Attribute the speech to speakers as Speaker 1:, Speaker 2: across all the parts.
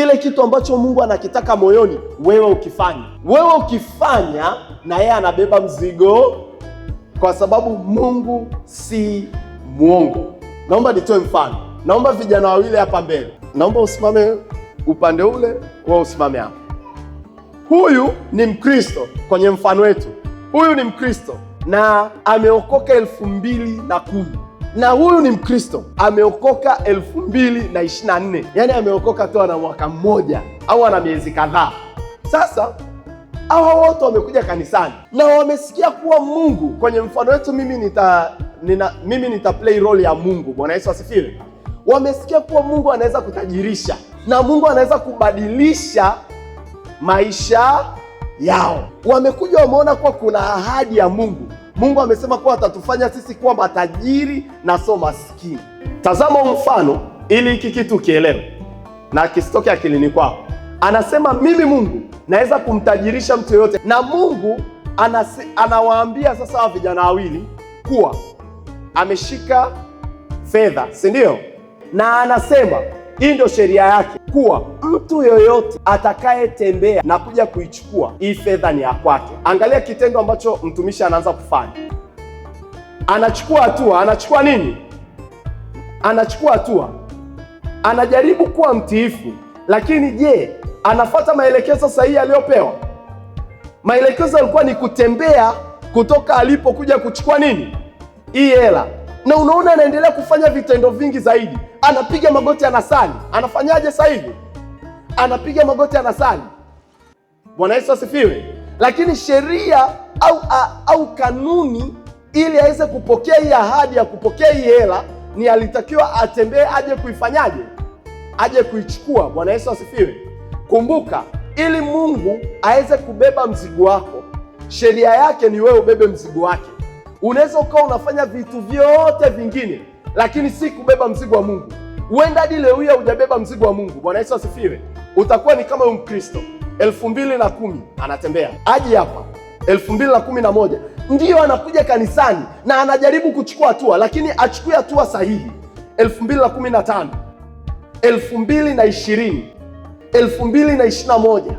Speaker 1: kile kitu ambacho Mungu anakitaka moyoni, wewe ukifanya, wewe ukifanya, na yeye anabeba mzigo, kwa sababu Mungu si mwongo. Naomba nitoe mfano, naomba vijana wawili hapa mbele, naomba usimame upande ule, wewe usimame hapa. Huyu ni Mkristo kwenye mfano wetu, huyu ni Mkristo na ameokoka elfu mbili na kumi na huyu ni Mkristo, ameokoka elfu na nne yani ameokoka tu ana mwaka mmoja au ana miezi kadhaa. Sasa hawa wote wamekuja kanisani na wamesikia kuwa Mungu kwenye mfano wetu, mimi nita nina, mimi nita play role ya Mungu. Bwana Yesu asifiwe. Wamesikia kuwa Mungu anaweza kutajirisha na Mungu anaweza kubadilisha maisha yao. Wamekuja wameona kuwa kuna ahadi ya Mungu Mungu amesema kuwa atatufanya sisi kuwa matajiri na so maskini. Tazama mfano ili hiki kitu kielewe na kisitoke akilini kwako. Anasema mimi Mungu naweza kumtajirisha mtu yoyote, na Mungu anase, anawaambia sasa wa vijana wawili kuwa ameshika fedha, si ndio? Na anasema hii ndio sheria yake, kuwa mtu yoyote atakayetembea na kuja kuichukua hii fedha ni ya kwake. Angalia kitendo ambacho mtumishi anaanza kufanya, anachukua hatua. Anachukua nini? Anachukua hatua, anajaribu kuwa mtiifu, lakini je, anafata maelekezo sahihi aliyopewa? Maelekezo yalikuwa ni kutembea kutoka alipokuja kuchukua nini, hii hela na unaona anaendelea kufanya vitendo vingi zaidi. Anapiga magoti anasali. Anafanyaje sasa hivi? Anapiga magoti anasali. Bwana Yesu asifiwe. Lakini sheria au, au kanuni ili aweze kupokea hii ahadi ya kupokea hii hela ni alitakiwa atembee aje kuifanyaje? Aje kuichukua. Bwana Yesu asifiwe. Kumbuka, ili Mungu aweze kubeba mzigo wako, sheria yake ni wewe ubebe mzigo wake. Unaweza ukawa unafanya vitu vyote vingine, lakini si kubeba mzigo wa Mungu. Huenda hadi leo hii hujabeba mzigo wa Mungu. Bwana Yesu asifiwe. Utakuwa ni kama Mkristo elfu mbili na kumi anatembea aje hapa elfu mbili na kumi na moja ndiyo anakuja kanisani na anajaribu kuchukua hatua, lakini achukue hatua sahihi. elfu mbili na kumi na tano elfu mbili na ishirini elfu mbili na ishirini na moja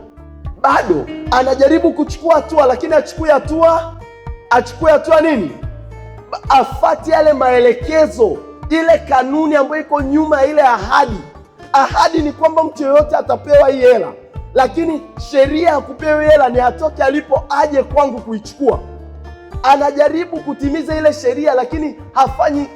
Speaker 1: bado anajaribu kuchukua hatua, lakini achukue hatua achukue hatua nini, afate yale maelekezo, ile kanuni ambayo iko nyuma ya ile ahadi. Ahadi ni kwamba mtu yeyote atapewa hii hela, lakini sheria ya kupewa hela ni atoke alipo aje kwangu kuichukua. Anajaribu kutimiza ile sheria, lakini hafanyi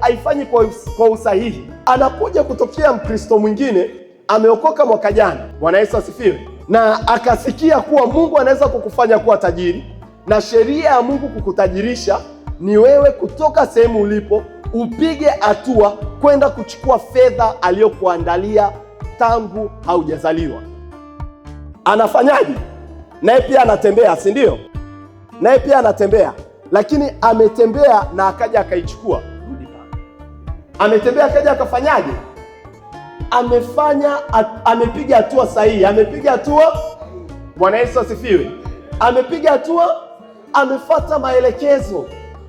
Speaker 1: haifanyi kwa, kwa usahihi. Anakuja kutokea Mkristo mwingine ameokoka mwaka jana, Bwana Yesu asifiwe, na akasikia kuwa Mungu anaweza kukufanya kuwa tajiri na sheria ya Mungu kukutajirisha ni wewe kutoka sehemu ulipo upige hatua kwenda kuchukua fedha aliyokuandalia tangu haujazaliwa. Anafanyaje? Naye pia anatembea, si ndio? Naye pia anatembea, lakini ametembea na akaja akaichukua. Ametembea akaja akafanyaje? Amefanya, amepiga hatua sahihi, amepiga hatua. Bwana Yesu asifiwe! Amepiga hatua amefata maelekezo.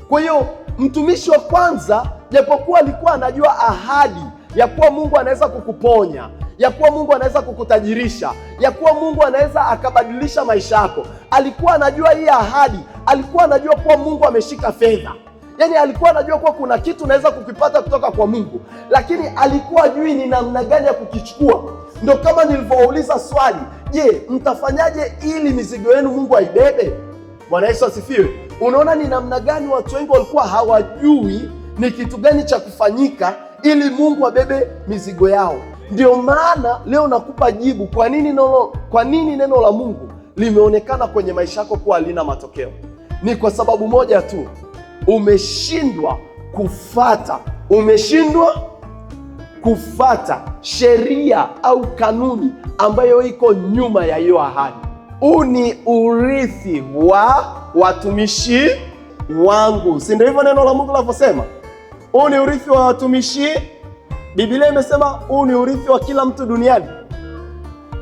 Speaker 1: Kwa hiyo mtumishi wa kwanza, japokuwa alikuwa anajua ahadi ya kuwa Mungu anaweza kukuponya, ya kuwa Mungu anaweza kukutajirisha, ya kuwa Mungu anaweza akabadilisha maisha yako, alikuwa anajua hii ahadi, alikuwa anajua kuwa Mungu ameshika fedha Yani alikuwa anajua kuwa kuna kitu naweza kukipata kutoka kwa Mungu, lakini alikuwa ajui ni namna gani ya kukichukua. Ndo kama nilivyouliza swali, je, mtafanyaje ili mizigo yenu Mungu aibebe? Bwana Yesu asifiwe. Unaona ni namna gani watu wengi walikuwa hawajui ni kitu gani cha kufanyika ili Mungu abebe mizigo yao. Ndio maana leo nakupa jibu kwa nini neno, kwa nini neno la Mungu limeonekana kwenye maisha yako kuwa halina matokeo. Ni kwa sababu moja tu, umeshindwa kufata, umeshindwa kufata sheria au kanuni ambayo iko nyuma ya hiyo ahadi huu ni urithi wa watumishi wangu, si ndio? Hivyo neno la Mungu linavyosema, huu ni urithi wa watumishi. Biblia imesema huu ni urithi wa kila mtu duniani.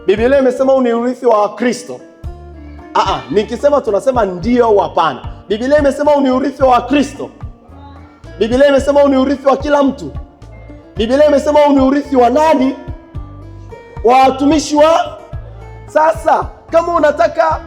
Speaker 1: Biblia imesema huu ni urithi wa Wakristo. Aa, ah, ah, nikisema tunasema ndio hapana? Biblia imesema huu ni urithi wa Wakristo. Biblia imesema huu ni urithi wa kila mtu. Biblia imesema huu ni urithi wa nani? Wa watumishi wa sasa kama unataka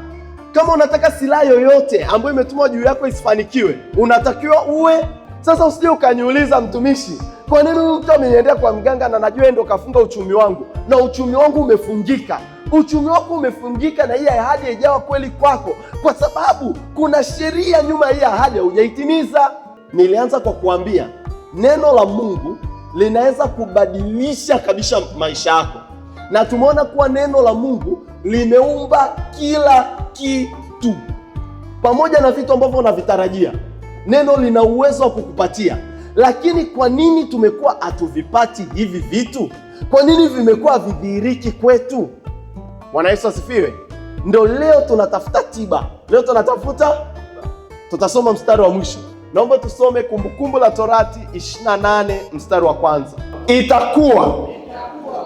Speaker 1: kama unataka silaha yoyote ambayo imetumwa juu yako isifanikiwe, unatakiwa uwe sasa. Usije ukaniuliza mtumishi, kwa nini huyu mtu ameniendea kwa mganga na najua ndo kafunga uchumi wangu? Na uchumi wangu umefungika. Uchumi wako umefungika, na hii ahadi haijawa kweli kwako, kwa sababu kuna sheria nyuma ya hii ahadi, haujaitimiza. Nilianza kwa kuambia neno la Mungu linaweza kubadilisha kabisa maisha yako, na tumeona kuwa neno la Mungu limeumba kila kitu pamoja na vitu ambavyo unavitarajia. Neno lina uwezo wa kukupatia, lakini kwa nini tumekuwa hatuvipati hivi vitu? Kwa nini vimekuwa vidhihiriki kwetu? Bwana Yesu asifiwe. Ndo leo tunatafuta tiba, leo tunatafuta, tutasoma mstari wa mwisho. Naomba tusome Kumbukumbu la Torati 28 mstari wa kwanza. Itakuwa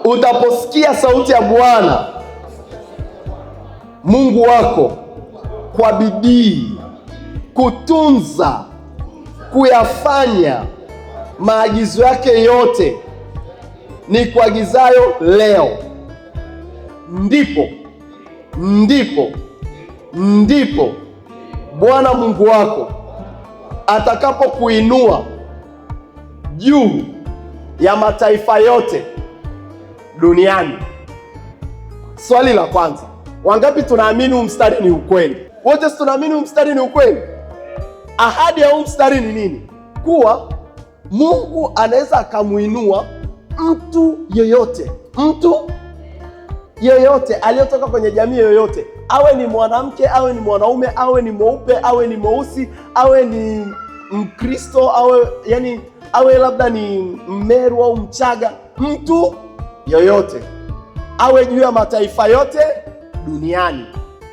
Speaker 1: utaposikia sauti ya Bwana Mungu wako kwa bidii kutunza kuyafanya maagizo yake yote ni kuagizayo leo, ndipo ndipo ndipo Bwana Mungu wako atakapokuinua juu ya mataifa yote duniani. Swali la kwanza Wangapi tunaamini huu mstari ni ukweli? Wote si tunaamini huu mstari ni ukweli? Ahadi ya huu mstari ni nini? Kuwa Mungu anaweza akamwinua mtu yeyote, mtu yeyote aliyotoka kwenye jamii yoyote, awe ni mwanamke, awe ni mwanaume, awe ni mweupe, awe ni mweusi, awe ni Mkristo, awe yani, awe labda ni Mmeru au Mchaga, mtu yoyote, awe juu ya mataifa yote duniani.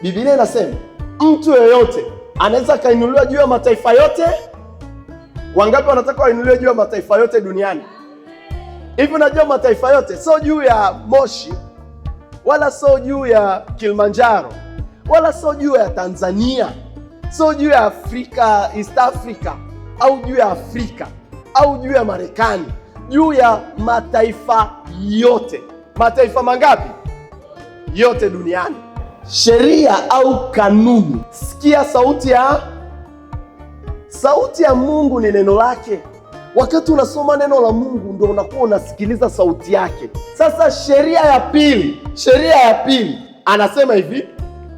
Speaker 1: Biblia inasema mtu yeyote anaweza akainuliwa juu ya mataifa yote. Wangapi wanataka wainuliwe juu ya mataifa yote duniani? Hivi unajua mataifa yote sio juu ya Moshi wala sio juu ya Kilimanjaro wala sio juu ya Tanzania sio juu ya Afrika, East Africa au juu ya Afrika au juu ya Marekani, juu ya mataifa yote. Mataifa mangapi? Yote duniani sheria au kanuni. Sikia sauti ya sauti ya Mungu ni neno lake. Wakati unasoma neno la Mungu ndio unakuwa unasikiliza sauti yake. Sasa sheria ya pili, sheria ya pili anasema hivi,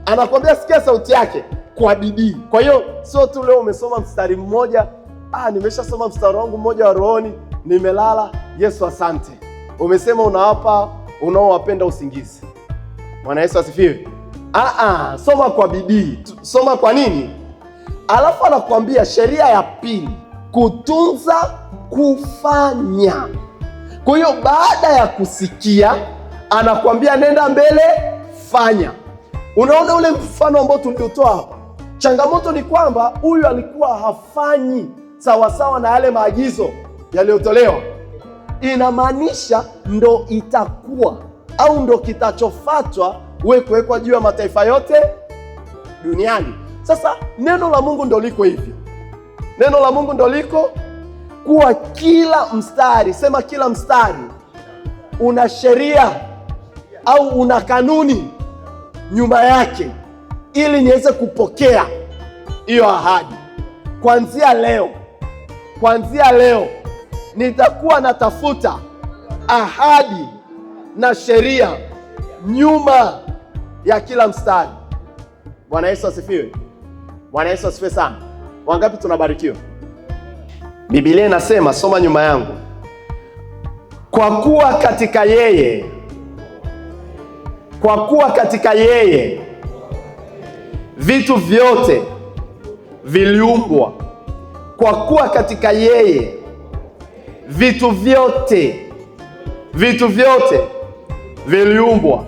Speaker 1: anakwambia sikia sauti yake kwa bidii. Kwa hiyo sio tu leo umesoma mstari mmoja, ah, nimeshasoma mstari wangu mmoja wa rohoni, nimelala. Yesu asante, umesema unawapa unaowapenda usingizi. Bwana Yesu asifiwe. Ah, ah, soma kwa bidii, soma kwa nini? Alafu anakuambia sheria ya pili, kutunza kufanya. Kwa hiyo baada ya kusikia, anakuambia nenda mbele, fanya. Unaona ule mfano ambao tuliotoa hapa, changamoto ni kwamba huyu alikuwa hafanyi sawasawa na yale maagizo yaliyotolewa. Inamaanisha ndo itakuwa au ndo kitachofatwa wewe kuwekwa juu ya mataifa yote duniani. Sasa neno la Mungu ndo liko hivi, neno la Mungu ndo liko kuwa kila mstari, sema kila mstari una sheria au una kanuni nyuma yake, ili niweze kupokea hiyo ahadi. Kuanzia leo, kuanzia leo nitakuwa natafuta ahadi na sheria nyuma ya kila mstari. Bwana Yesu asifiwe. Bwana Yesu asifiwe sana. Wangapi tunabarikiwa? Biblia inasema, soma nyuma yangu, kwa kuwa katika yeye, kwa kuwa katika yeye vitu vyote viliumbwa, kwa kuwa katika yeye vitu vyote, vitu vyote viliumbwa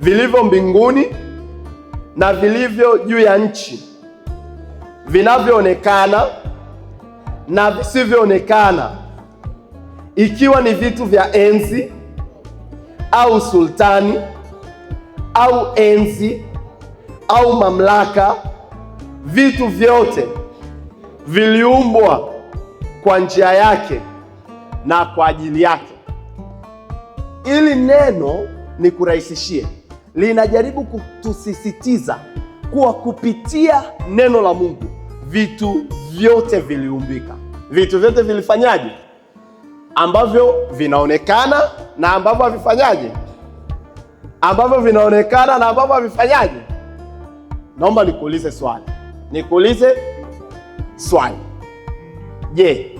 Speaker 1: vilivyo mbinguni na vilivyo juu ya nchi, vinavyoonekana na visivyoonekana, ikiwa ni vitu vya enzi au sultani au enzi au mamlaka, vitu vyote viliumbwa kwa njia yake na kwa ajili yake. Ili neno nikurahisishie linajaribu kutusisitiza kuwa kupitia neno la Mungu vitu vyote viliumbika. Vitu vyote vilifanyaje? Ambavyo vinaonekana na ambavyo havifanyaje, ambavyo vinaonekana na ambavyo havifanyaje. Naomba nikuulize swali, nikuulize swali. Je,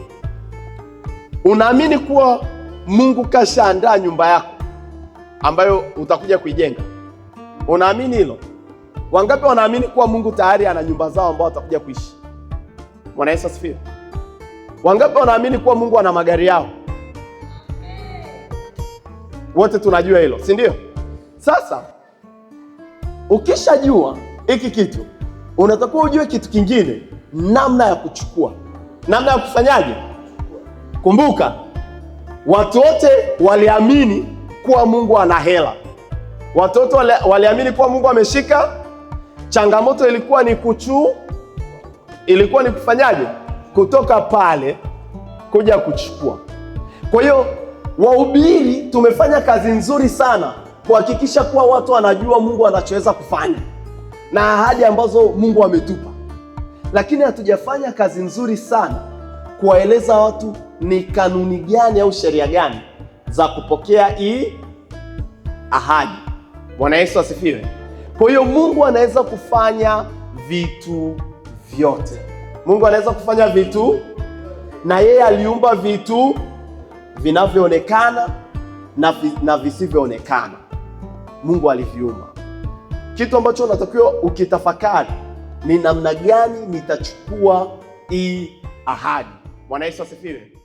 Speaker 1: unaamini kuwa Mungu kashaandaa nyumba yako ambayo utakuja kuijenga? Unaamini hilo? Wangapi wanaamini kuwa Mungu tayari ana nyumba zao ambao watakuja kuishi? Bwana Yesu asifiwe. Wangapi wanaamini kuwa Mungu ana magari yao? Wote tunajua hilo, si ndio? Sasa ukishajua hiki kitu, unatakiwa ujue kitu kingine, namna ya kuchukua, namna ya kufanyaje. Kumbuka watu wote waliamini kuwa Mungu ana hela Watoto wale, waliamini kuwa Mungu ameshika. Changamoto ilikuwa ni kuchu, ilikuwa ni kufanyaje? Kutoka pale kuja kuchukua. Kwa hiyo wahubiri tumefanya kazi nzuri sana kuhakikisha kuwa watu wanajua Mungu anachoweza kufanya na ahadi ambazo Mungu ametupa, lakini hatujafanya kazi nzuri sana kuwaeleza watu ni kanuni gani au sheria gani za kupokea hii ahadi. Bwana Yesu asifiwe. Kwa hiyo Mungu anaweza kufanya vitu vyote. Mungu anaweza kufanya vitu, na yeye aliumba vitu vinavyoonekana na, vi, na visivyoonekana. Mungu aliviumba. Kitu ambacho unatakiwa ukitafakari ni namna gani nitachukua hii ahadi. Bwana Yesu asifiwe.